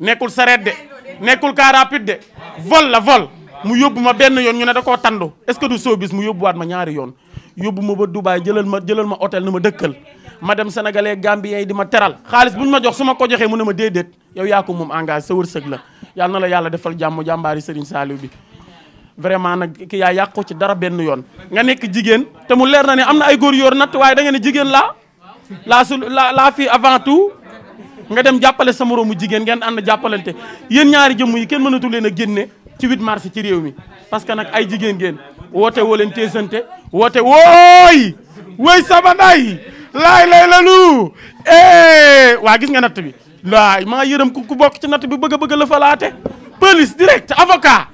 nekkul sareet de nekkul car rapide de vol la vol mu yóbbu ma benn yoon ñu ne da koo tandu est-ce que du showbiz mu yóbbuwaat ma ñaari yoon yóbbu ma ba Dubaay jëlal ma jëlal ma hôtel na ma dëkkal ma dem sénégalais gambien yi di ma teral xaalis bu ñu ma jox su ma ko joxee mu ne ma déedéet yow yaa ko moom engagé sa wërsëg la yàlla na la yàlla defal jàmm jàmbaari Serigne Saliou bi vraiment nag ki yaa yàqu ci dara benn yoon nga nekk jigéen te mu leer na ne am na ay góor yor natt waaye da jigéen laa laa su laa fii avant nga dem jàppale sa moroomu jigéen ngeen ànd jàppalante yéen ñaari jëmm yi kenn mënatul leen a génne ci 8 mars ci réew mi parce que nag ay jigéen ngeen woote woo leen teesante woote wooy wooy sama nday laay lay lalu eh waa gis nga natt bi laay maa yërëm ku bokk ci natt bi bëgg a bëgg la falaate police direct avocat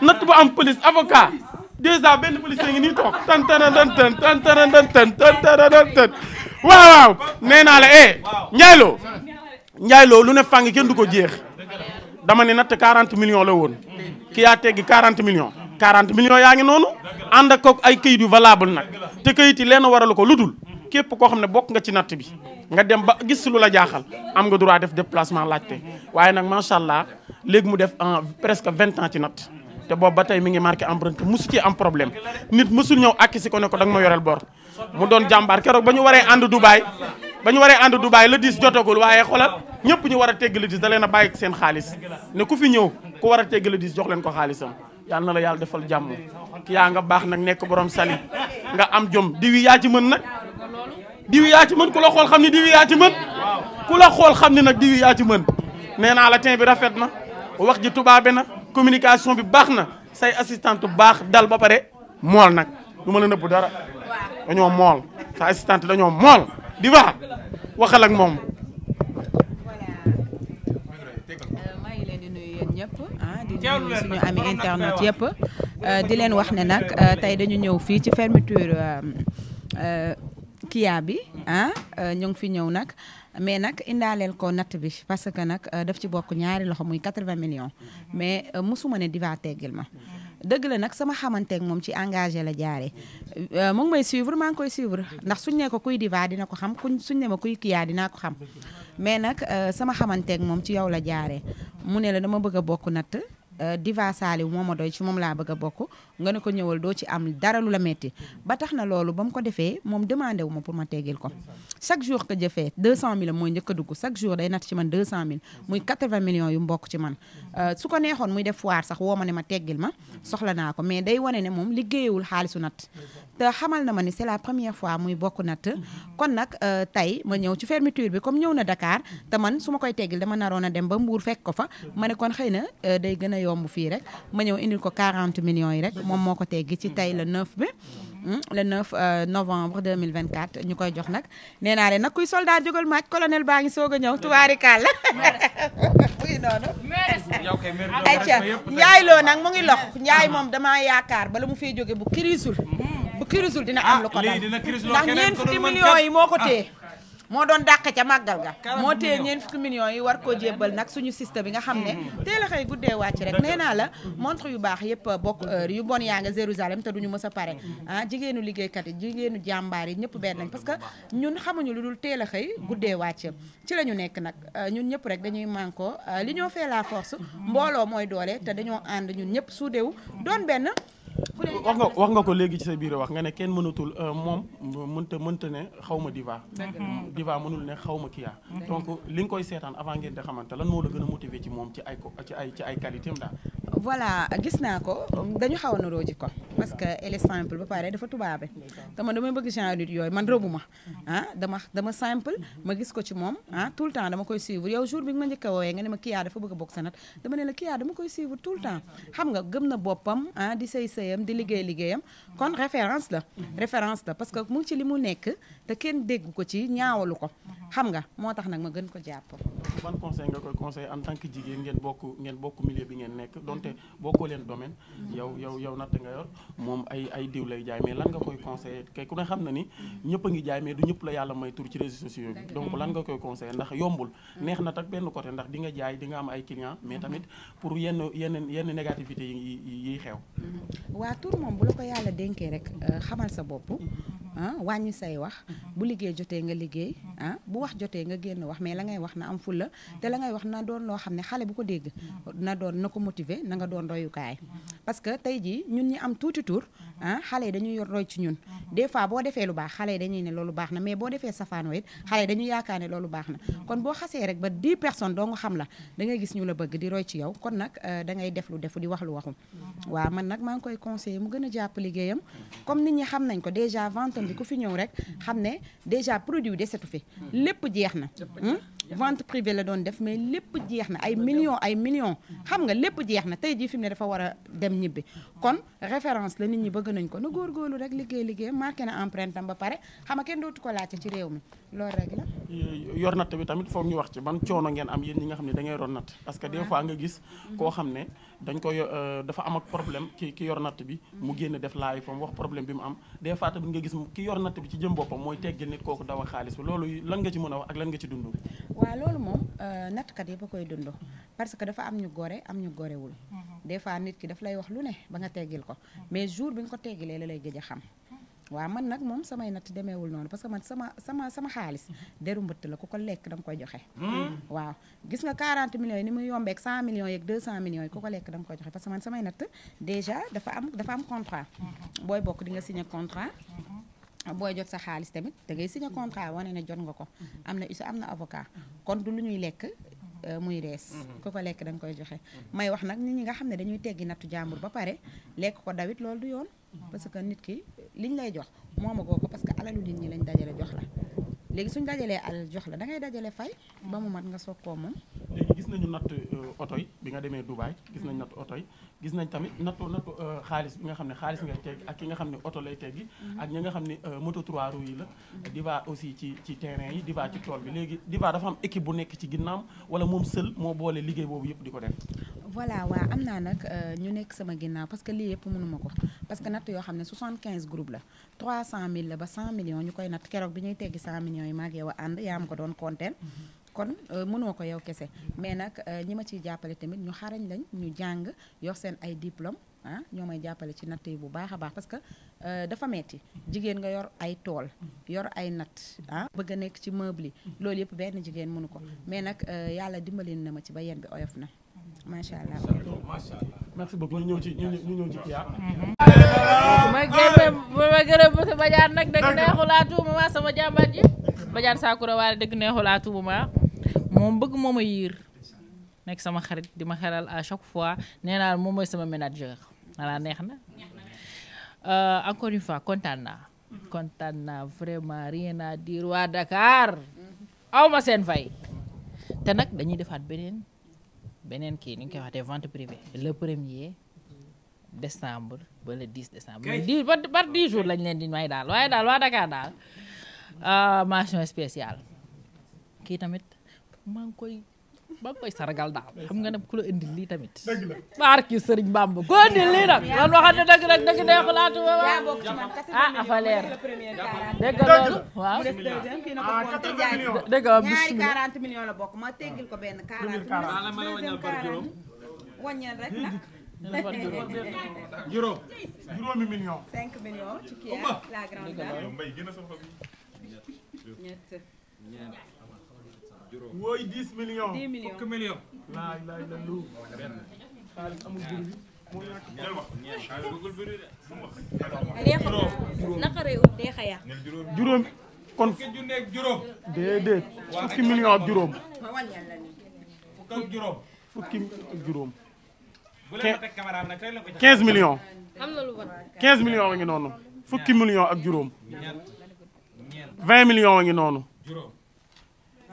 natt bu am police avocat dèjà benn police ngi nii toog tan tan tan tan tan tan tan waaw waaw nee naa la eh njaayloo Ndiaye Lo lu ne fàngi kenn du ko jeex dama ne natt 40 millions la woon ki yaa teggi 40 million 40 millions yaa ngi noonu ànd ak ay kayit yu valable nag te kayit yi leen waralu ko lu dul képp koo xam ne bokk nga ci natt bi nga dem ba gis lu la jaaxal am nga droit def déplacement laajte waaye nag macha allah léegi mu def en presque 20 ans ci natt te boobu ba tey mi ngi marqué empreinte musu ci am problème nit musul ñëw akki si ko ne ko danga ma yoreel bor mu doon jàmbaar ba ñu waree ànd Dubaay ba ñu waree ànd Dubaay le 10 jotagul waaye xoolal. ñëpp ñu war a tegg litis da leen a bàyyi seen xaalis ne ku fi ñëw ku war a tegg litis jox leen ko xaalisam yàlla na la yàlla defal jàmm ki yaa nga baax nag nekk borom sali nga am jom diwi yaa ci mën nag diwi yaa ci mën ku la xool xam ne diwi yaa ci ku la xool xam ne nag diwi yaa ci mën nee naa la tin bi rafet na wax ji tubaabe na communication bi baax na say assistante baax dal ba pare mool nag du ma la nëbb dara dañoo mool sa assistante dañoo mool di wax waxal ak moom suñu ami internet yëpp euh, di leen wax ne nag euh, tey dañu ñëw fii ci fermeture euh, Kia bi ah ñu ngi fi ñëw nag mais nag indaaleel ko natt bi parce que nag def ci bokk ñaari loxo muy 80 million mais mosuma ne Diva teggil ma dëgg la nag sama xamanteeg moom ci engagé la jaaree mu ngi may suivre maa ngi koy suivre ndax suñ ne ko kuy dina ko xam kuñ suñ ma kuy dinaa ko xam mais nag sama xamanteeg moom ci yow la jaaree mu ne la dama bëgg a bokk natt Euh, Diva Saliou moo a doy ci moom laa bëgg a bokk nga ne ko ñëwal doo ci am dara lu la metti ba tax na loolu ba mu ko defee moom demandé wu ma pour ma teggil ko chaque jour que jëfee 200000 mooy njëkk a dugg chaque jour day natt ci man 200000 muy 80 millions yu mbokk ci man euh, su ko neexoon muy def foire sax woo ma ne ma teggil ma soxla naa ko mais day wane ne moom liggéeyewul xaalisu nat te xamal na ma ni c'est la première fois muy bokk natt kon nag euh, tey ma ñëw ci fermeture bi comme ñëw na Dakar te man su ma koy teggil dama naroon a dem ba Mbour fekk ko fa ma ne kon xëy na day gën a yomb fii rek ma ñëw indil ko 40 millions yi rek moom moo ko teggi ci tey le 9 bi hmm, le 9 euh, novembre ñu koy jox nag nee naa leen nag kuy soldat jógal maaj colonel baa ngi soog a ñëw tubaarikàlla muy noonu ayca loo nag mu ngi lox njaay moom damaa yaakaar bala mu fii jóge bu kirisul hmm. bu kirisul dina ah, am lu ko dal ndax ñeent fukki millions yi moo ko ah. téye moo doon dàq ca màggal ga moo téye ñeen fukki millions yi war koo jébbal nag suñu système bi nga xam ne mm. teel a xëy guddee wàcc rek nee naa la montre yu baax yëpp bokk heure yu bon yaa nga Jérusalem te duñu mës a pare mm. ah, jigéenu liggéeykat yi jigéenu jàmbaar yi ñëpp benn parce que ñun xamuñu lu dul teel a xëy guddee wàcc ci la ñu nekk nag ah, ñun ñëpp rek dañuy manko ah, li ñoo feelaa la force mm. mbooloo mooy doole te dañoo ànd ñun ñëpp suudewu doon benn wax nga wax nga ko léegi ci sa biir wax nga ne kenn mënatul euh, moom mënta mënta ne xaw ma diva mhm. diva mënul ne xaw ma kiyaa donc li nga koy seetaan avant ngeen de xamante lan moo la gën a motiver ci moom ci ay ko ci ay ci ay qualité am daal voilà gis naa ko dañu xaw a naroo ji ko parce que elle simple ba pare dafa tubaabe te man damay bëgg genre nit yooyu man rëbu ma ah dama simple ma gis ko ci moom ah tout le temps dama koy suivre yow jour bi nga ma a woowee nga ne ma Kya dafa bëgg a bokk sanat dama ne la Kya dama koy suivre tout temps xam nga gëm ah, mu ngi li mu nekk te kenn dégg ko ci ñaawalu ko xam nga moo tax nag ma gën ko jàpp ban conseil nga koy conseil en tant que jigéen ngeen bokk ngeen bi ngeen nekk te bokkoo leen domaine yow yow yow natt nga yor moom ay ay diw jaay mais lan nga koy conseillé kay ne xam na ni ñëpp a ngi jaay mais du ñëpp la yàlla may tur ci réseaux sociaux bi donc lan nga koy conseillé ndax yombul mm-hmm. neex na tak benn côté ndax di nga jaay di nga am ay clients mais mm-hmm. tamit pour yenn yenn yenn négativité yi yiy xew mm-hmm. waa tur moom bu la ko yàlla dénkee rek euh, xamal sa bopp ah wàññi say wax bu liggéey jotee nga liggéey ah, bu wax jotee nga génn wax mais la ngay wax na am fulla te la ngay wax na doon loo xam ne xale bu ko dégg na doon na ko motiver na nga doon royukaay parce que tey jii ñun ñi am tuuti tuur ah xale yi dañuy yor roy ci ñun des fois boo defee lu baax xale yi dañuy ne loolu baax na mais boo defee safaan wa it xale yi dañuy yaakaar ne loolu baax na kon boo xasee rek ba 10 personnes doo nga xam la da ngay gis ñu la bëgg di roy ci yow kon nag euh, da ngay def lu defu di wax lu waxum waaw man nag maa mu gën a jàpp liggéeyam comme askan bi fi ñëw rek xam ne déjà produit desetu fi mm. lépp jeex na hmm? vente privée la doon def mais lépp jeex na ay millions ay millions xam nga lépp jeex na tey jii fi mu ne dafa war a dem ñibbi kon référence la nit ñi bëgg nañ ko na góor góorgóorlu rek liggéey liggéey marqué na empreinte am ba pare xam nga kenn dootu ko laajte ci réew mi loolu rek yor natt bi tamit foog ñu wax ci ban coono ngeen am yéen ñi nga xam ne da ngay yor natt parce que des nga gis koo xam ne dañ koy euh, dafa am ak problème ki ki yor natt bi mu génn def laay fa mu wax problème bi mu am des fois tamit nga gis ki yor natt bi ci jëm boppam mooy teggil nit kooku daw a xaalis loolu lan ci mën a wax ak lan nga ci dund waaw loolu moom euh, nattkat yi a koy dund parce que dafa am ñu gore am ñu gorewul mhm. des fois nit ki daf lay wax lu ne ba nga teggil ko mais jour bi nga ko teggilee la lay gëj a xam waa man nag moom samay natt demeewul noonu parce que man sama sama sama xaalis deru mbëtt la ku ko lekk da koy joxe hmm. waaw gis nga 40 millions ni muy yombeeg 100 millions yeeg 200 millions yi ko lekk da nga koy joxe parce que man samay natt déjà dafa am dafa am contrat mhm. booy bokk di nga signé contrat mhm. Ah, booy jot sa xaalis tamit da ngay signé contrat wane ne jot nga ko. Mhm. am na ISO am na avocat. kon du lu ñuy lekk. Euh, muy rees. Mhm. ko ko lekk da koy joxe. Mhm. may wax nag nit ñi nga xam ne dañuy teggi nattu jàmbur ba pare lekk ko dawit loolu du yoon. parce que nit ki liñ lay jox moomagoo ko parce que alalu nit ñi lañ dajale jox la léegi suñ dajalee alal jox la da ngay dajale fay. ba mu mat nga soog koo moom. léegi euh, gis nañu natt oto yi bi nga demee Dubaay gis nañ natt oto yi gis nañ tamit nattu nattu euh, xaalis bi nga xam ne xaalis nga teg ak ki nga xam ne oto lay teggi mhm. ak ñi nga xam ne euh, moto trois roues la Diva aussi ci ci terrain yi Diva ci tool bi léegi Diva dafa am équipe bu nekk ci ginnaam wala moom seul moo boole liggéey boobu yëpp di ko dem voilà waa am naa nag ñu nekk sama ginnaaw parce que lii yëpp mënuma ko parce que natt yoo xam ne 75 groupe la la ba 100 millions ñu koy natt keroog bi ñuy teggi 100 millions yi maag yow a ànd yaa am ko doon konteel kon euh, mënoo ko yow kese mais nag euh, ñi ma ciy jàppale tamit ñu xarañ lañ ñu jàng yor seen ay diplôme ah ñoo may jàppale ci natt yi bu baax a baax parce que euh, dafa metti jigéen nga yor ay tool yor ay natt ah bëgg a nekk ci meuble yi loolu yëpp benn jigéen mënu ko mais nag yàlla dimbali na ma ci ba yéen bi oyof na macha allah. macha allah merci beaucoup ñu ñëw ci ñu ñëw ci Kya. ma gërëm ma gërëm sa bajaan nag dëgg neexu laa tuuma ma sama jàmbaat ji bajaan Sakura waale dëgg neexu laa tuuma ma moom bëgg moo ma yiir nekk sama xarit di ma xelal à chaque fois nee naa moom mooy sama manager voilà neex na euh, encore une fois kontaan naa kontaan naa vraiment rien à diir waa Dakar aw ma seen fay te nag dañuy defaat beneen beneen kii ni ñu koy waxatee vente privée le premier décembre ba le 10 décembre dix ba par dix jours lañ leen di may daal waaye daal waa Dakar daal euh, mention spéciale kii tamit maa ngi koy maa ngi koy sargal nga ne ku la tamit. dëgg la barki sëriñ Bamba ko indil lii nag. man waxante dëgg nag dëgg neexulaatu ba ah afa leer dëgg ah, la bokk ma teggil ko benn 40. 40 wàññeel rek million. la grande wooy dix millions. dix millions fukki fukki million ak juróom. fukki ak juróom. 15 millions. 15 millions wa ngi noonu. million ak juróom. 20 millions wa ngi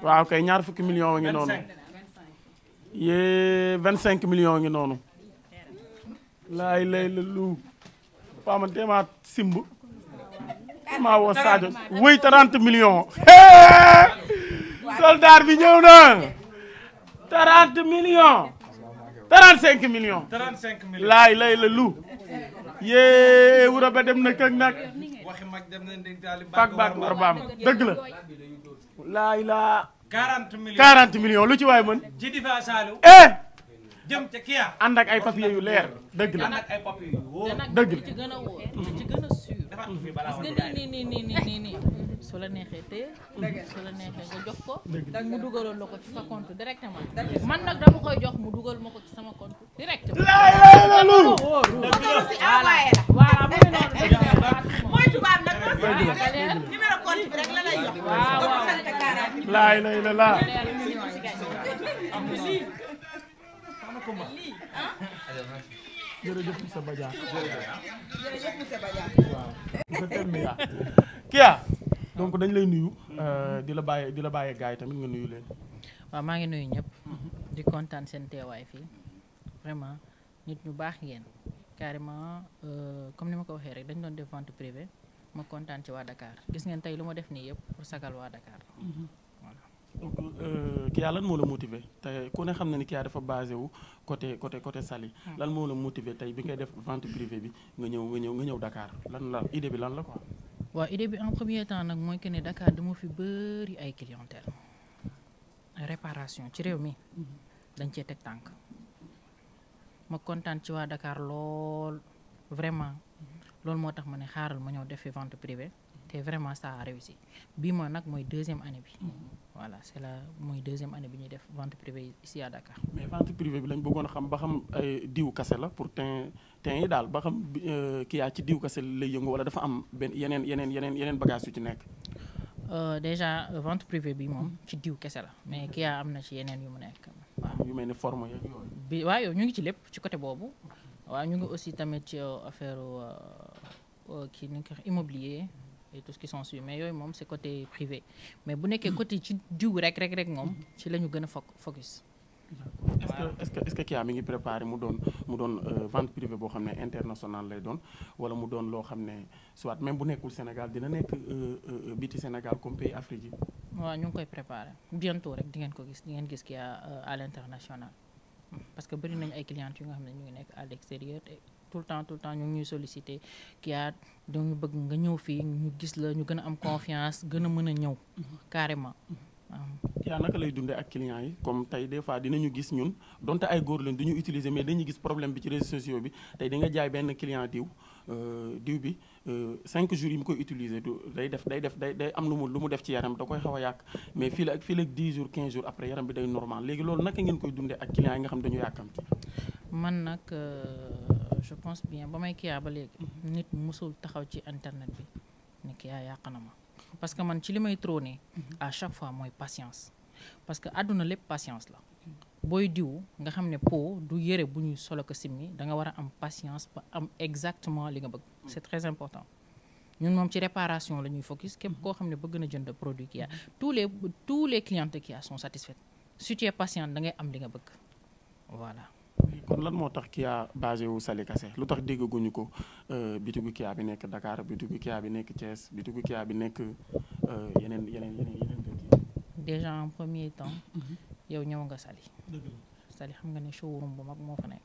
waaw kay ñaar fukki million wa ngi noonu yée vingt cinq million wa ngi noonu laay lay la lu paama demaa simb maa woo Sadio wëy trente million soldat bi ñëw na trente million trente cinq million laay lay la lu yée wura ba dem na këg nag baak war baam laay laa. 40 millions 40 millions lu ci waay mën. ji di eh! jëm ca Kia. ak ay papiers yu leer. dëgg la ànd ak ay papiers yu wóor dëgg la ci gën a wóor ci gën a su la neexee téye. su la neexee nga jox ko. mu dugaloon la ko ci sa compte directement. man nag dama koy jox mu dugal ma ko ci sama compte directement. laay laay la loolu. numéro compte bi la lay jox. laay lay la laa. dañ lay nuyu. Euh, di la bàyyee di la bàyyee gars yi tamit nga nuyu leen. waaw maa ngi nuyu ñëpp. di kontaan seen teewaay fii vraiment nit ñu baax ngeen carrément euh, comme ni ma ko waxee rek dañ doon def vente privée ma kontaan ci waa Dakar gis ngeen tey lu ma def nii yëpp sagal waa Dakar. Mhm. voilà donc euh, lan moo la motiver tey ku ne xam na ni Kya dafa basé wu côté côté côté Saly. Hmm. lan moo la motiver tey bi ngay def vente privée bi nga ñëw nga ñëw nga ñëw Dakar lan la idée bi lan la quoi. waaw idée bi en premier temps nag mooy que ne Dakar dama fi bëri ay clientèle réparation ci réew mi hmm. dañ cee teg tànk ma kontaan ci waa Dakar lool vraiment. Hmm. loolu moo tax ma ne xaaral ma ñëw def fi vente privée te vraiment ça a réussi bii mooy nag mooy deuxième année bi mhm. voilà c' est la mooy deuxième année bi ñuy def vente privée ici à Dakar. mais vente bi lañ bëggoon xam ba xam diw kase la pour teint teint yi daal ba xam euh, kii yaa ci diw kase lay yëngu wala dafa am benn yeneen yeneen yeneen yeneen ci nekk. Euh, déjà euh, vente privée bii moom mhm. ci diw kese la mais kii yaa am na ci yeneen yu mu nekk. waaw yu mel ni forme bi waaw yow ñu ngi ci lépp ci côté boobu. waaw ñu ngi aussi tamit ci euh, affaire euh, euh, kii nu ñu koy wax immobilier et tout ce mais yooyu moom c'est côté privé mais bu nekkee côté ci jiw rek rek rek moom ci la ñu gën a focus. est-ce que est-ce mi ngi préparé mu doon mu doon vente privée boo xam ne international lay doon wala mu doon loo xam ne soit même bu nekkul Sénégal dina nekk biti Sénégal comme pays Afrique yi. waaw ñu ngi koy préparé bientôt rek di ngeen ko gis di ngeen gis Kya à l'international. parce que bëri nañ ay clientes yu nga xam ne ñu ngi nekk à l'extérieur te tout le temps tout le temps ñu ngi ñuy sollicité kii yaa dañu bëgg nga ñëw fii ñu gis la ñu gën a am confiance gën a mën a ñëw carrément yaa naka lay dundee ak clients yi comme tey des fois dinañu gis ñun donte ay góor du ñu utiliser mais dañuy gis problème bi ci réseaux sociaux bi tey di jaay benn client diw euh, diw bi Euh, cinq jours yi mu koy utiliser du day def day def day day am lu mu lu mu def ci yaram da koy xaw a yàq mais fii la ak fii la ak 10 jours 15 jours après yaram bi day normal léegi loolu naka ngeen koy dundee ak clients yi nga xam dañu yàkkamti man nag euh, je pense bien ba may kiyaa ba léegi nit musul taxaw ci internet bi ni kiyaa yàq na ma parce que man ci li may trôner mhm. à chaque fois mooy patience parce que àdduna lépp patience la booy diw nga xam ne peau du yëre bu ñuy solo ko simmi da nga war a am patience ba am exactement li nga bëgg mm. c'est très important ñun moom ci réparation la ñuy focus képp mm. koo xam ne bëgg na jënd produit Kia tous les tous les clientes Kia sont satisfaites si tu es patient da ngay am li nga bëgg voilà kon lan moo tax Kia basé wu Sali Kassé lu tax ñu ko euh, bitigu Kia bi nekk dakaar bitigu Kia bi nekk Thiès bitigu Kia bi nekk euh, yeneen yeneen yeneen yeneen dëkk yi yow ñëw nga Saly Saly xam nga ne showroom bu mag moo fa nekk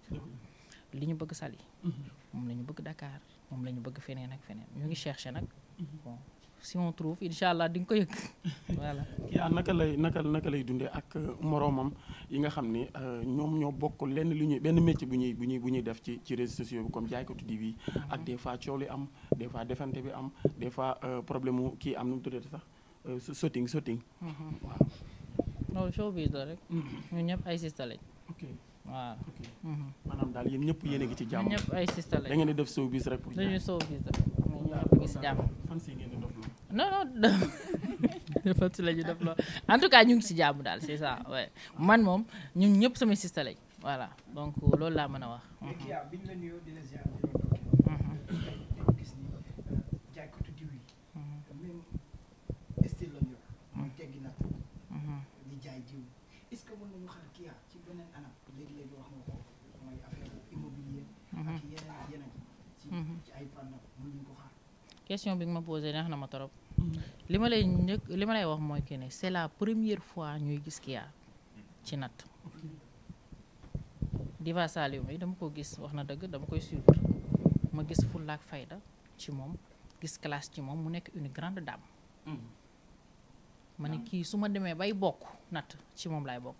li ñu bëgg Saly mhm. moom la bëgg dakaar moom la ñu bëgg feneen ak feneen ñu ngi cherché nag mhm. bon si on trouve incha allah di nga ko yëg voilà. yaa ah, naka lay naka lay dundee ak euh, moroomam yi nga xam ne euh, ñoom ñoo bokk lenn lu ñuy benn métier bu ñuy bu ñuy bu ñuy def ci ci réseaux sociaux bi comme jaaykatu diw yi mhm. ak des fois coow li am des fois defante bi am des fois euh, problème mu kii am nu mu tuddati sax sotting sotting waaw loolu showbiz la rek. Mm-hmm. ñun ñëpp ay sista lañ. ok waaw. ok mm-hmm. maanaam daal yéen ñëpp yéen ci jàmm. ay sista lañ da ngeen di def showbiz rek. pour ñu dañuy showbiz rek mais ñu ngi ci jàmm. fan si ngeen di def loolu. la ñuy def loolu en tout cas ñu ngi si jàmm daal c'est ça ouais man moom ñun ñëpp samay sista lañ voilà donc loolu laa mën a wax. nañu xar Kia ci mhm. mhm. question bi nga ma posé neex na ma torop mhm. li ma lay njëkk li ma lay wax mooy que ne c'est la première fois ñuy gis Kia ci natt Diva Saliou mi dama ko gis wax na dëgg dama koy suivre ma gis fulla fayda ci moom gis classe ci moom mu nekk une grande dame ma ne ah. kii su ma demee bay bokk natt ci moom laay bokk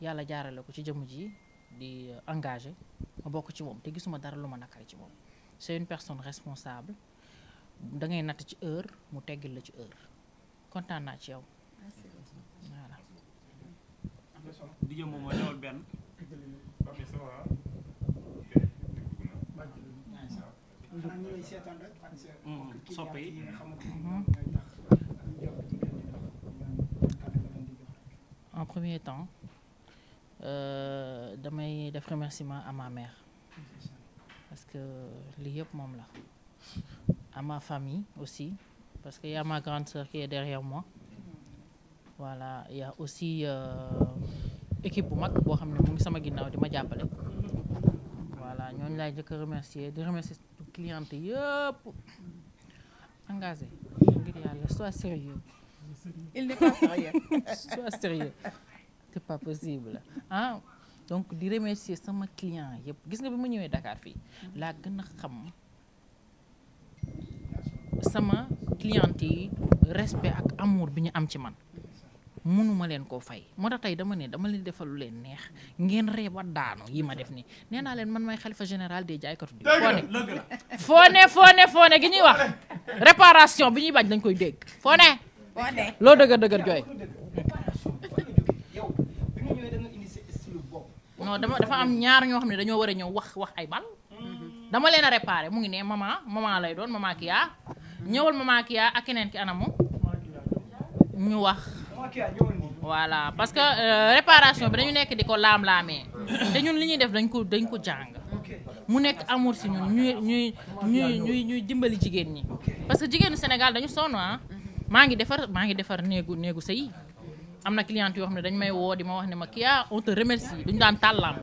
yàlla jaarale ko ci jëmm ji di euh, engagé ma bokk ci moom te gisuma dara lu ma nakari ci moom c'est une personne responsable da ngay natt ci heure mu teggil la ci heure kontaan ci yow soppe yi en premier temps Euh, damay def remerciement à ma mère parce que lii yëpp moom la à ma famille aussi parce que y ma grande sœur qui est derrière moi voilà y aussi euh, équipe bu mag boo xam ne mu ngi sama ginnaaw di ma jàppale voilà ñooñu laay jëkk remercier di remercier surtout cliente yëpp engagé ngir yàlla soit sérieux c'est pas possible ah donc di remercier sama client yëpp gis nga bi ma ñëwee dakaar fii laa gën a xam sama cliente yi respect ak amour bi ñu am ci man mënuma leen koo fay moo tax tey dama ne dama leen defalu leen neex ngeen ree ba daanu yi ma def nii nee naa leen man may xalifa général des jaaykatu diw foo ne foo ne gi ñuy wax réparation bi ñuy bañ dañ koy dégg foo ne loo dëgër dëgër jooy non dama dafa am ñaar ñoo xam ne dañoo war a ñëw wax wax ay bal. dama leen a réparé mu ngi ne maman maman lay doon ki Kia. ñëwal maman Kia ak keneen ki anamu. ñu wax. voilà parce que euh, réparation bi dañu nekk di ko laam-laamee. te ñun li ñuy def dañ ko dañ ko jàng. mu nekk amour si ñun ñuy ñuy ñuy ñuy dimbali jigéen ñi. parce que jigéenu Sénégal dañu sonn ah. maa ngi defar maa ngi defar néegu néegu sëy am na client yoo xam ne dañ may woo di ma wax ne ma Kya on te remercie duñu daan